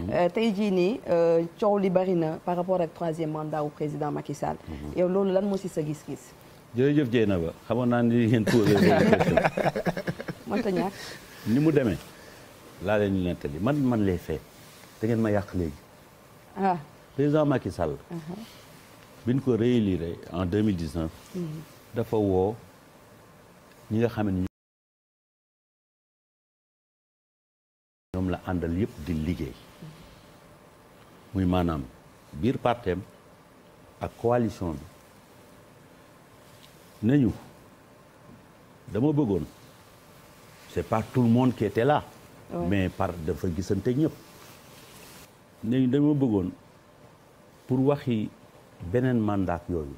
Mhm. Euh, tey jii nii euh, par rapport au troisième mandat au président Macky Sall. Mhm. yow ne lan pas si veux dire ni Je ni mu Je Je man man lay da ngeen ma ah président Macky Sall. quand uh-huh. il ko en 2019. Mhm. dafa ñoom la andal yëpp di liggéey muy maanaam biir partem ak coalition bi nañu dama bëggoon c'est pas tout le monde qui était là mais par dafa gisante ñëpp nañu dama bëggoon pour waxi beneen mandat yooyu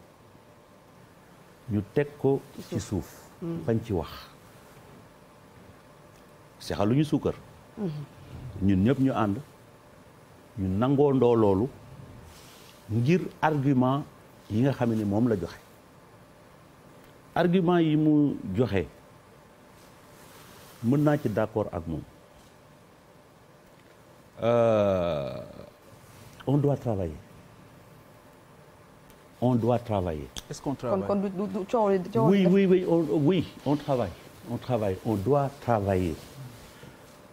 ñu teg ko ci suuf hmm. bañ ci wax c'est sexaluñu suukar ñun ñëpp ñu ànd ñu nangoo ndoo loolu ngir argument yi nga xam ne moom la joxe argument yi mu joxe mën naa ci d'accord ak moom euh, on doit travailler on doit travailler. est-ce qu'on travaille oui oui oui on oui on travaille on travaille on doit travailler.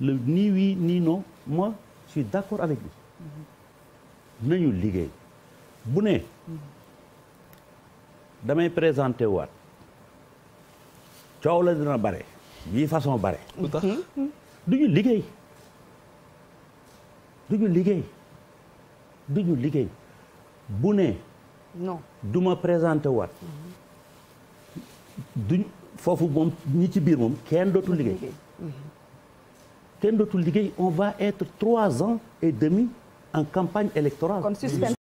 ni oui ni non moi je suis d'accord avec vous. Nous, liggéey vous présente damay présenté waat coow dina De façon barré. duñu Nous, duñu duñu vous non duma Vous, duñ vous ci biir on va être trois ans et demi en campagne électorale.